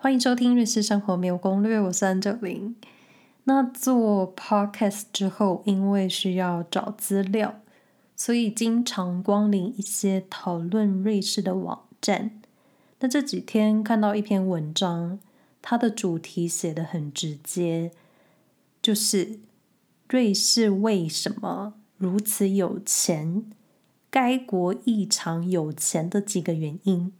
歡迎收聽《瑞士生活沒有攻略》，我是安哲林。那做 podcast 之後，因為需要找資料，所以經常光臨一些討論瑞士的網站。那這幾天看到一篇文章，它的主題寫的很直接，就是瑞士為什麼如此有錢？該國異常有錢的幾個原因。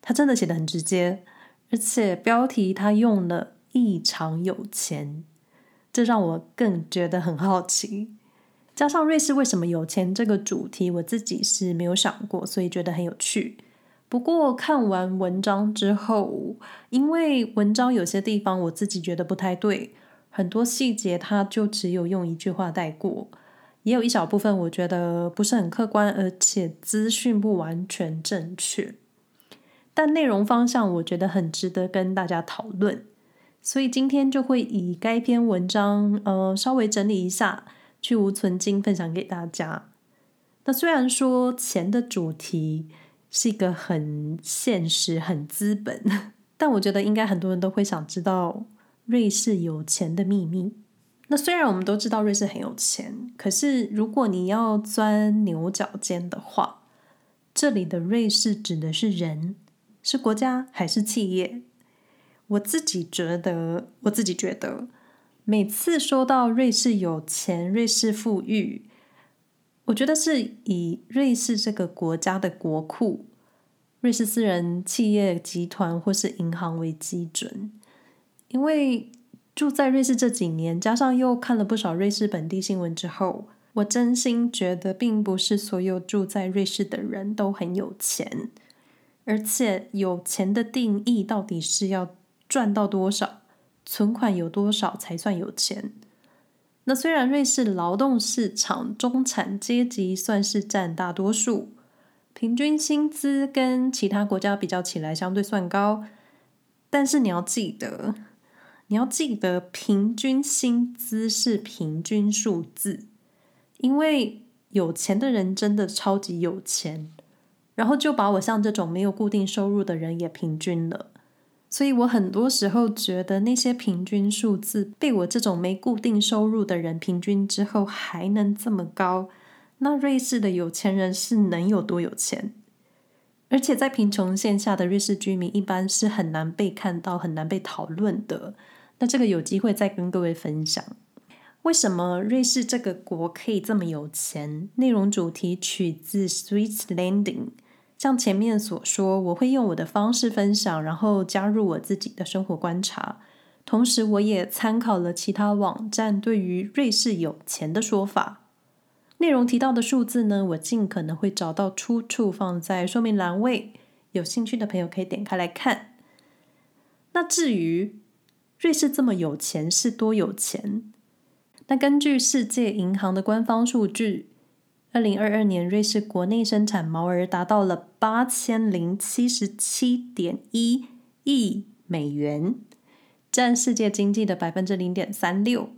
它真的寫的很直接。而且標題它用了“異常有錢”，這讓我更覺得很好奇。加上瑞士為什麼有錢這個主題，我自己是沒有想過，所以覺得很有趣。不過看完文章之後，因為文章有些地方我自己覺得不太對，很多細節它就只有用一句話帶過，也有一小部分我覺得不是很客觀，而且資訊不完全正確。但內容方向，我覺得很值得跟大家討論，所以今天就會以該篇文章，呃，稍微整理一下，去蕪存菁，分享給大家。那雖然說錢的主題是一個很現實、很資本，但我覺得應該很多人都會想知道瑞士有錢的秘密。那雖然我們都知道瑞士很有錢，可是如果你要鑽牛角尖的話，這裡的瑞士指的是人？是國家還是企業？我自己覺得，我自己覺得，每次說到瑞士有錢、瑞士富裕，我覺得是以瑞士這個國家的國庫、瑞士私人企業集團或是銀行為基準。因為住在瑞士這幾年，加上又看了不少瑞士本地新聞之後，我真心覺得，並不是所有住在瑞士的人都很有錢。而且有錢的定義到底是要賺到多少，存款有多少才算有錢？那雖然瑞士勞動市場中產階級算是佔大多數，平均薪資跟其他國家比較起來相對算高，但是你要記得，你要記得平均薪資是平均數字，因為有錢的人真的超級有錢。然後就把我像這種沒有固定收入的人也平均了，所以我很多時候覺得那些平均數字被我這種沒固定收入的人平均之後還能這麼高，那瑞士的有錢人是能有多有錢？而且在貧窮線下的瑞士居民一般是很難被看到、很難被討論的。那這個有機會再跟各位分享為什麼瑞士這個國可以這麼有錢。內容主題取自 Sweet Landing。像前面所說，我會用我的方式分享，然後加入我自己的生活觀察。同時，我也參考了其他網站對於瑞士有錢的說法。內容提到的數字呢，我盡可能會找到出處放在說明欄位。有興趣的朋友可以點開來看。那至於瑞士這麼有錢是多有錢？那根據世界銀行的官方數據。二零二二年，瑞士國內生產毛額達到了八千零七十七點一億美元，占世界經濟的百分之零點三六。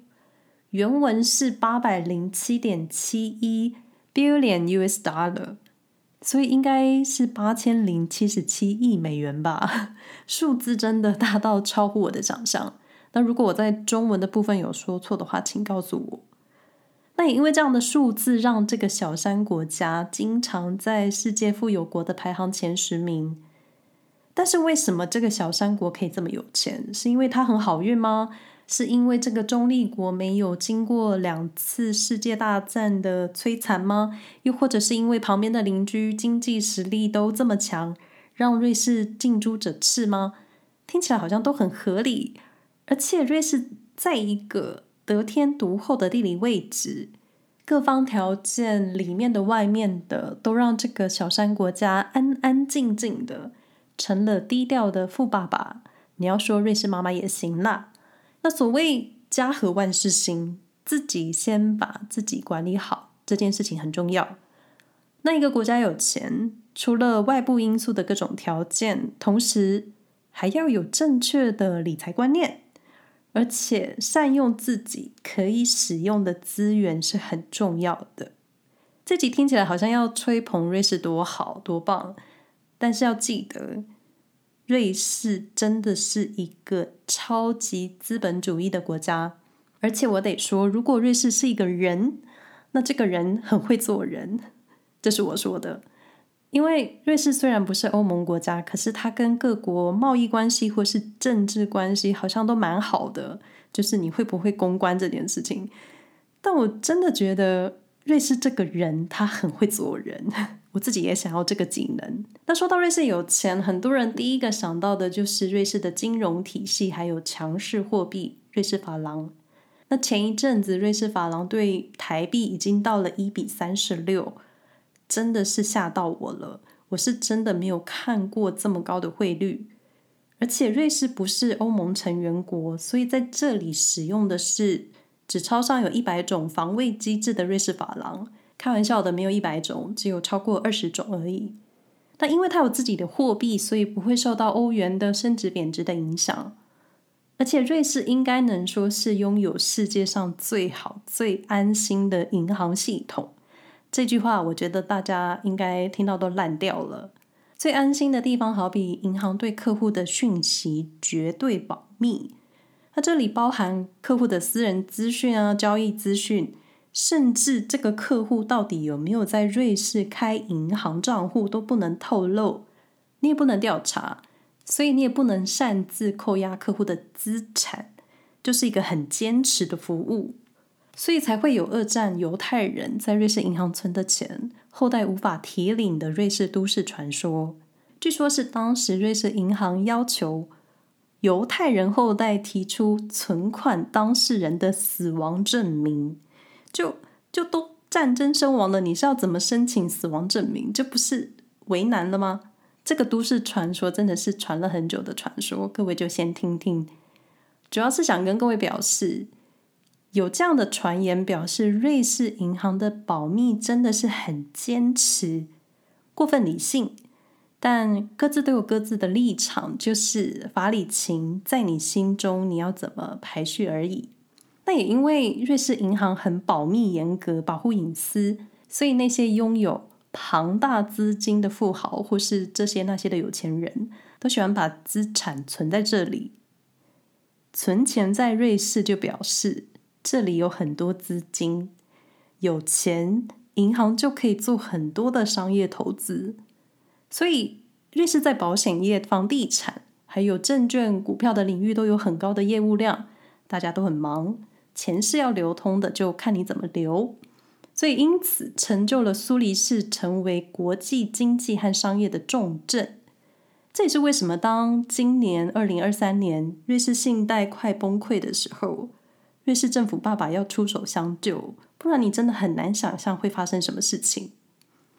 原文是八百零七點七一 billion US dollar，所以應該是八千零七十七億美元吧？ 數字真的大到超乎我的想象。那如果我在中文的部分有說錯的話，請告訴我。但也因為這樣的數字讓這個小山國家經常在世界富有國的排行前十名，但是為什麼這個小山國可以這麼有錢？是因為它很好運嗎？是因為這個中立國沒有經過兩次世界大戰的摧殘嗎？又或者是因為旁邊的鄰居經濟實力都這麼強，讓瑞士近朱者赤嗎？聽起來好像都很合理，而且瑞士在一個，得天獨厚的地理位置，各方條件，裡面的、外面的，都讓這個小山國家安安靜靜的成了低調的富爸爸。你要說瑞士媽媽也行啦。那所謂家和萬事興，自己先把自己管理好，這件事情很重要。那一個國家有錢，除了外部因素的各種條件，同時還要有正確的理財觀念。而且善用自己可以使用的資源是很重要的。這集聽起來好像要吹捧瑞士多好多棒，但是要記得，瑞士真的是一個超級資本主義的國家。而且我得說，如果瑞士是一個人，那這個人很會做人，這是我說的。因為瑞士雖然不是歐盟國家，可是它跟各國貿易關係或是政治關係好像都蠻好的。就是你會不會公關這件事情？但我真的覺得瑞士這個人他很會做人，我自己也想要這個技能。那說到瑞士有錢，很多人第一個想到的就是瑞士的金融體系，還有強勢貨幣瑞士法郎。那前一陣子瑞士法郎對台幣已經到了一比三十六。真的是嚇到我了！我是真的沒有看過這麼高的匯率，而且瑞士不是歐盟成員國，所以在這裡使用的是紙鈔上有一百種防衛機制的瑞士法郎。開玩笑的，沒有一百種，只有超過二十種而已。但因為它有自己的貨幣，所以不會受到歐元的升值貶值的影響。而且瑞士應該能說是擁有世界上最好、最安心的銀行系統。這句話，我覺得大家應該聽到都爛掉了。最安心的地方，好比銀行對客戶的訊息絕對保密。它這裡包含客戶的私人資訊啊、交易資訊，甚至這個客戶到底有沒有在瑞士開銀行賬戶都不能透露，你也不能調查，所以你也不能擅自扣押客戶的資產，就是一個很堅持的服務。所以才會有二戰猶太人在瑞士銀行存的錢，後代無法提領的瑞士都市傳說。據說是當時瑞士銀行要求猶太人後代提出存款當事人的死亡證明，就就都戰爭身亡了，你是要怎麼申請死亡證明？這不是為難了嗎？這個都市傳說真的是傳了很久的傳說，各位就先聽聽，主要是想跟各位表示。有這樣的傳言表示，瑞士銀行的保密真的是很堅持，過分理性，但各自都有各自的立場，就是法理情，在你心中你要怎麼排序而已。那也因為瑞士銀行很保密嚴格，保護隱私，所以那些擁有龐大資金的富豪或是這些那些的有錢人都喜歡把資產存在這裡，存錢在瑞士就表示。這裡有很多資金，有錢，銀行就可以做很多的商業投資。所以，瑞士在保險業、房地產還有證券、股票的領域都有很高的業務量，大家都很忙。錢是要流通的，就看你怎麼流。所以，因此成就了蘇黎世成為國際經濟和商業的重鎮。這也是為什麼當今年二零二三年瑞士信貸快崩潰的時候。瑞士政府爸爸要出手相救，不然你真的很難想象會發生什麼事情。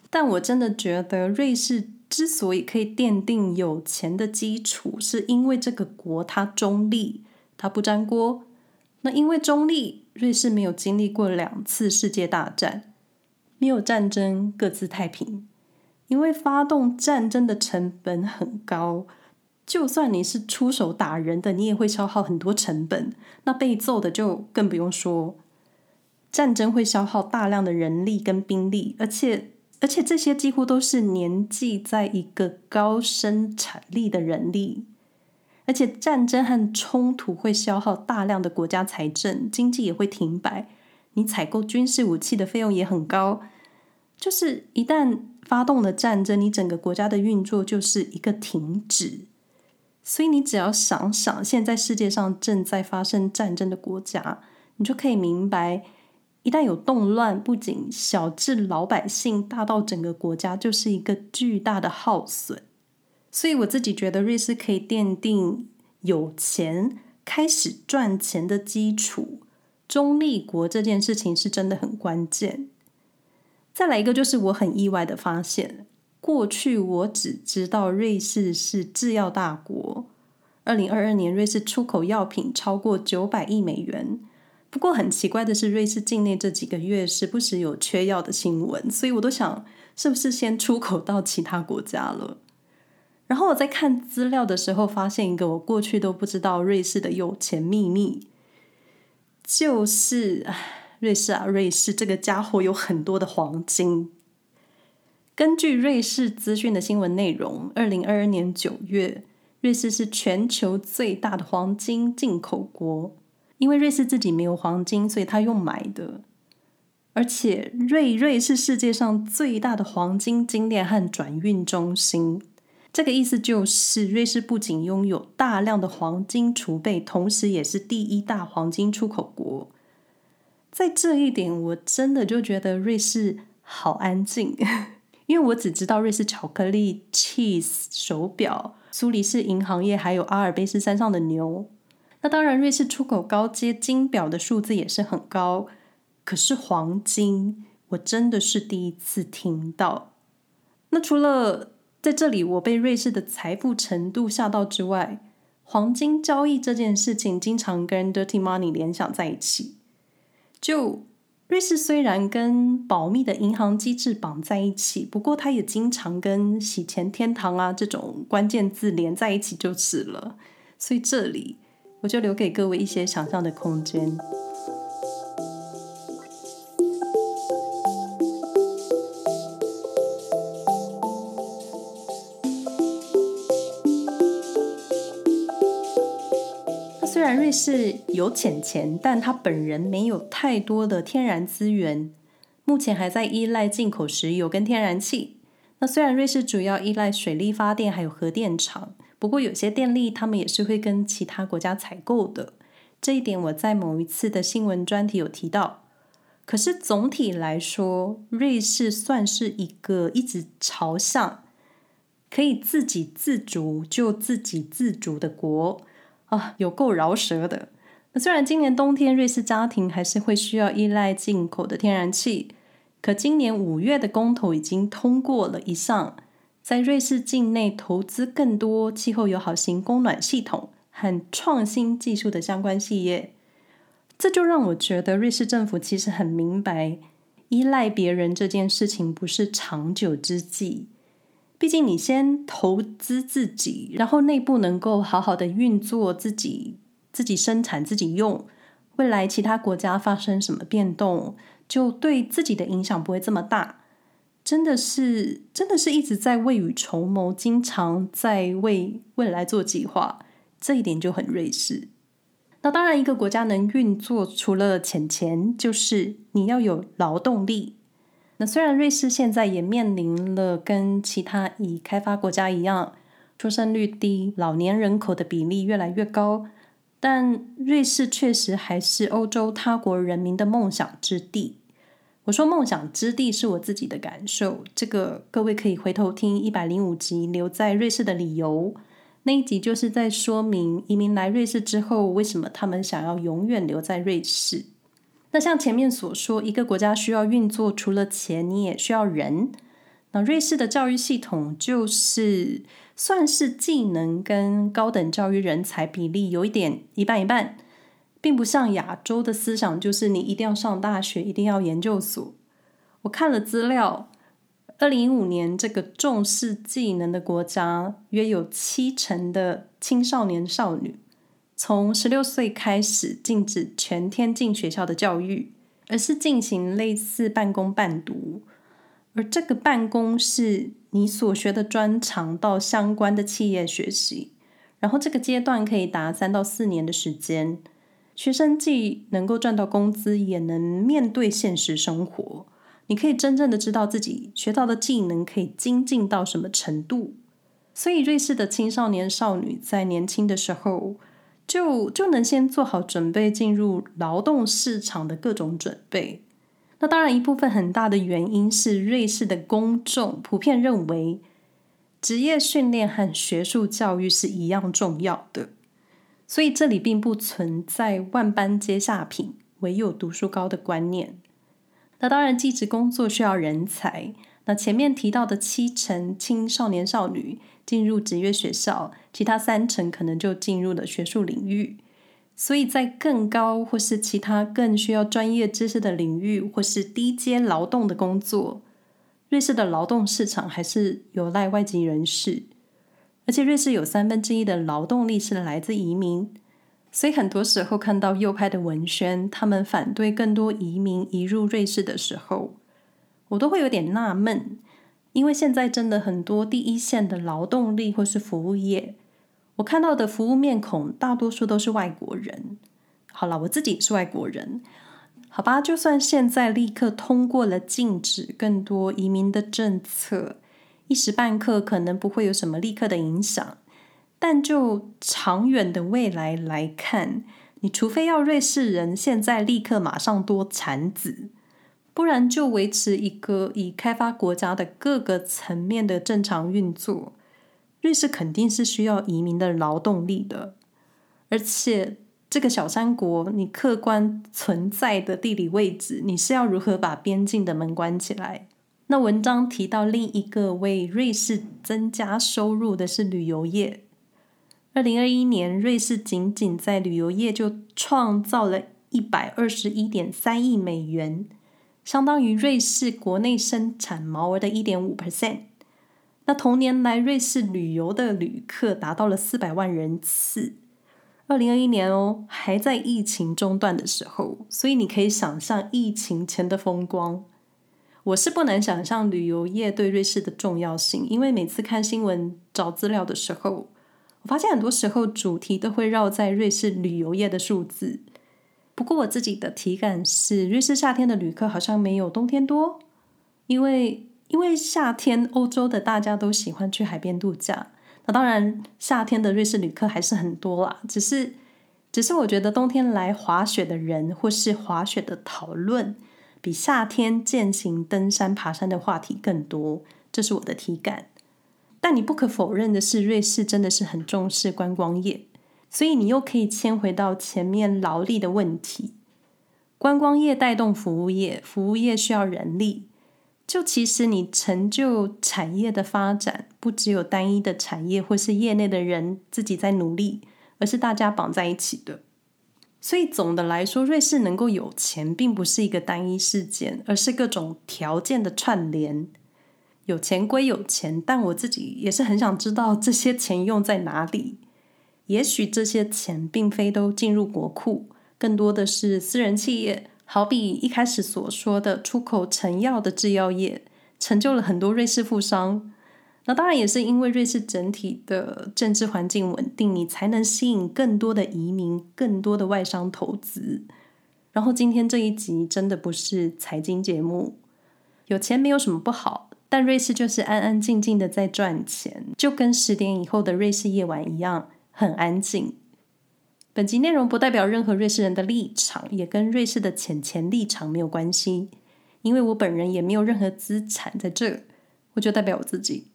但我真的覺得，瑞士之所以可以奠定有錢的基礎，是因為這個國它中立，它不沾鍋。那因為中立，瑞士沒有經歷過兩次世界大戰，沒有戰爭，各自太平。因為發動戰爭的成本很高。就算你是出手打人的，你也會消耗很多成本。那被揍的就更不用說。戰爭會消耗大量的人力跟兵力，而且而且這些幾乎都是年紀在一個高生產力的人力。而且戰爭和衝突會消耗大量的國家財政，經濟也會停擺。你採購軍事武器的費用也很高。就是一旦發動了戰爭，你整個國家的運作就是一個停止。所以你只要想想，現在世界上正在發生戰爭的國家，你就可以明白，一旦有動亂，不僅小至老百姓，大到整個國家就是一個巨大的耗損。所以我自己覺得，瑞士可以奠定有錢開始賺錢的基礎，中立國這件事情是真的很關鍵。再來一個，就是我很意外的發現。過去我只知道瑞士是製藥大國，二零二二年瑞士出口藥品超過九百億美元。不過很奇怪的是，瑞士境內這幾個月時不時有缺藥的新聞，所以我都想是不是先出口到其他國家了。然後我在看資料的時候，發現一個我過去都不知道瑞士的有錢秘密，就是瑞士啊，瑞士這個傢伙有很多的黃金。根據瑞士資訊的新聞內容，二零二二年九月，瑞士是全球最大的黃金進口國，因為瑞士自己沒有黃金，所以他用買的。而且瑞瑞士是世界上最大的黃金精煉和轉運中心，這個意思就是瑞士不僅擁有大量的黃金儲備，同時也是第一大黃金出口國。在這一點，我真的就覺得瑞士好安靜。因為我只知道瑞士巧克力、cheese、手錶、蘇黎世銀行業，還有阿爾卑斯山上的牛。那當然，瑞士出口高階金錶的數字也是很高。可是黃金，我真的是第一次聽到。那除了在這裡，我被瑞士的財富程度嚇到之外，黃金交易這件事情經常跟 dirty money 聯想在一起。就瑞士雖然跟保密的銀行機制綁在一起，不過它也經常跟洗錢天堂啊這種關鍵字連在一起就是了。所以這裡我就留給各位一些想象的空間。瑞士有錢錢，但他本人沒有太多的天然資源，目前還在依賴進口石油跟天然氣。那雖然瑞士主要依賴水力發電還有核電廠，不過有些電力他們也是會跟其他國家採購的。這一點我在某一次的新聞專題有提到。可是總體來說，瑞士算是一個一直朝向可以自給自足就自給自足的國啊，有夠饒舌的！那雖然今年冬天瑞士家庭還是會需要依賴進口的天然氣，可今年五月的公投已經通過了以上，在瑞士境內投資更多氣候友好型供暖系統和創新技術的相關事業。這就讓我覺得瑞士政府其實很明白，依賴別人這件事情不是長久之計。畢竟你先投資自己，然後內部能夠好好的運作自己，自己生產自己用。未來其他國家發生什麼變動，就對自己的影響不會這麼大。真的是，真的是一直在未雨綢繆，經常在為未、未來做計劃。這一點就很瑞士。那當然，一個國家能運作，除了錢錢，就是你要有勞動力。那雖然瑞士現在也面臨了跟其他已開發國家一樣，出生率低、老年人口的比例越來越高，但瑞士確實還是歐洲他國人民的夢想之地。我說夢想之地是我自己的感受，這個各位可以回頭聽一百零五集《留在瑞士的理由》那一集，就是在說明移民來瑞士之後，為什麼他們想要永遠留在瑞士。那像前面所說，一個國家需要運作，除了錢，你也需要人。那瑞士的教育系統就是算是技能跟高等教育人才比例有一點一半一半，並不像亞洲的思想，就是你一定要上大學，一定要研究所。我看了資料，二零一五年這個重視技能的國家，約有七成的青少年少女。從十六歲開始，禁止全天進學校的教育，而是進行類似半工半讀。而這個“半工”是你所學的專長到相關的企業學習。然後這個階段可以達三到四年的時間，學生既能夠賺到工資，也能面對現實生活。你可以真正的知道自己學到的技能可以精進到什麼程度。所以，瑞士的青少年少女在年輕的時候，就就能先做好準備，進入勞動市場的各種準備。那當然，一部分很大的原因是瑞士的公眾普遍認為，職業訓練和學術教育是一樣重要的。所以這裡並不存在“萬般皆下品，唯有讀書高”的觀念。那當然，技職工作需要人才。那前面提到的七成青少年少女。進入職業學校，其他三成可能就進入了學術領域。所以在更高或是其他更需要專業知識的領域，或是低階勞動的工作，瑞士的勞動市場還是有賴外籍人士。而且，瑞士有三分之一的勞動力是來自移民，所以很多時候看到右派的文宣，他們反對更多移民移入瑞士的時候，我都會有點納悶。因為現在真的很多第一線的勞動力或是服務業，我看到的服務面孔大多數都是外國人。好了，我自己也是外國人，好吧。就算現在立刻通過了禁止更多移民的政策，一時半刻可能不會有什麼立刻的影響，但就長遠的未來來看，你除非要瑞士人現在立刻馬上多產子。不然就維持一個已開發國家的各個層面的正常運作。瑞士肯定是需要移民的勞動力的，而且這個小三國，你客觀存在的地理位置，你是要如何把邊境的門關起來？那文章提到，另一個為瑞士增加收入的是旅遊業。二零二一年，瑞士僅僅在旅遊業就創造了一百二十一點三億美元。相當於瑞士國內生產毛額的一點五 percent。那同年來，瑞士旅遊的旅客達到了四百萬人次。二零二一年哦，還在疫情中斷的時候，所以你可以想象疫情前的風光。我是不難想象旅遊業對瑞士的重要性，因為每次看新聞、找資料的時候，我發現很多時候主題都會繞在瑞士旅遊業的數字。不過我自己的體感是，瑞士夏天的旅客好像沒有冬天多，因為因為夏天歐洲的大家都喜歡去海邊度假，那當然夏天的瑞士旅客還是很多啦。只是只是我覺得冬天來滑雪的人或是滑雪的討論，比夏天健行、登山、爬山的話題更多，這是我的體感。但你不可否認的是，瑞士真的是很重視觀光業。所以你又可以牽回到前面勞力的問題，觀光業帶動服務業，服務業需要人力，就其實你成就產業的發展，不只有單一的產業或是業內的人自己在努力，而是大家綁在一起的。所以總的來說，瑞士能夠有錢，並不是一個單一事件，而是各種條件的串聯。有錢歸有錢，但我自己也是很想知道這些錢用在哪裡。也許這些錢並非都進入國庫，更多的是私人企業。好比一開始所說的出口成藥的制藥業，成就了很多瑞士富商。那當然也是因為瑞士整體的政治環境穩定，你才能吸引更多的移民、更多的外商投資。然後今天這一集真的不是財經節目，有錢沒有什麼不好，但瑞士就是安安靜靜的在賺錢，就跟十點以後的瑞士夜晚一樣。很安靜。本集內容不代表任何瑞士人的立場，也跟瑞士的淺錢立場沒有關係，因為我本人也沒有任何資產在這兒，我就代表我自己。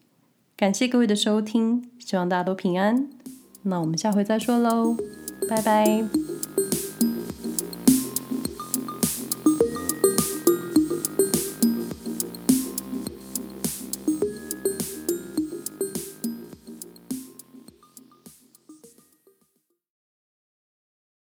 感謝各位的收聽，希望大家都平安。那我們下回再說嘍，拜拜。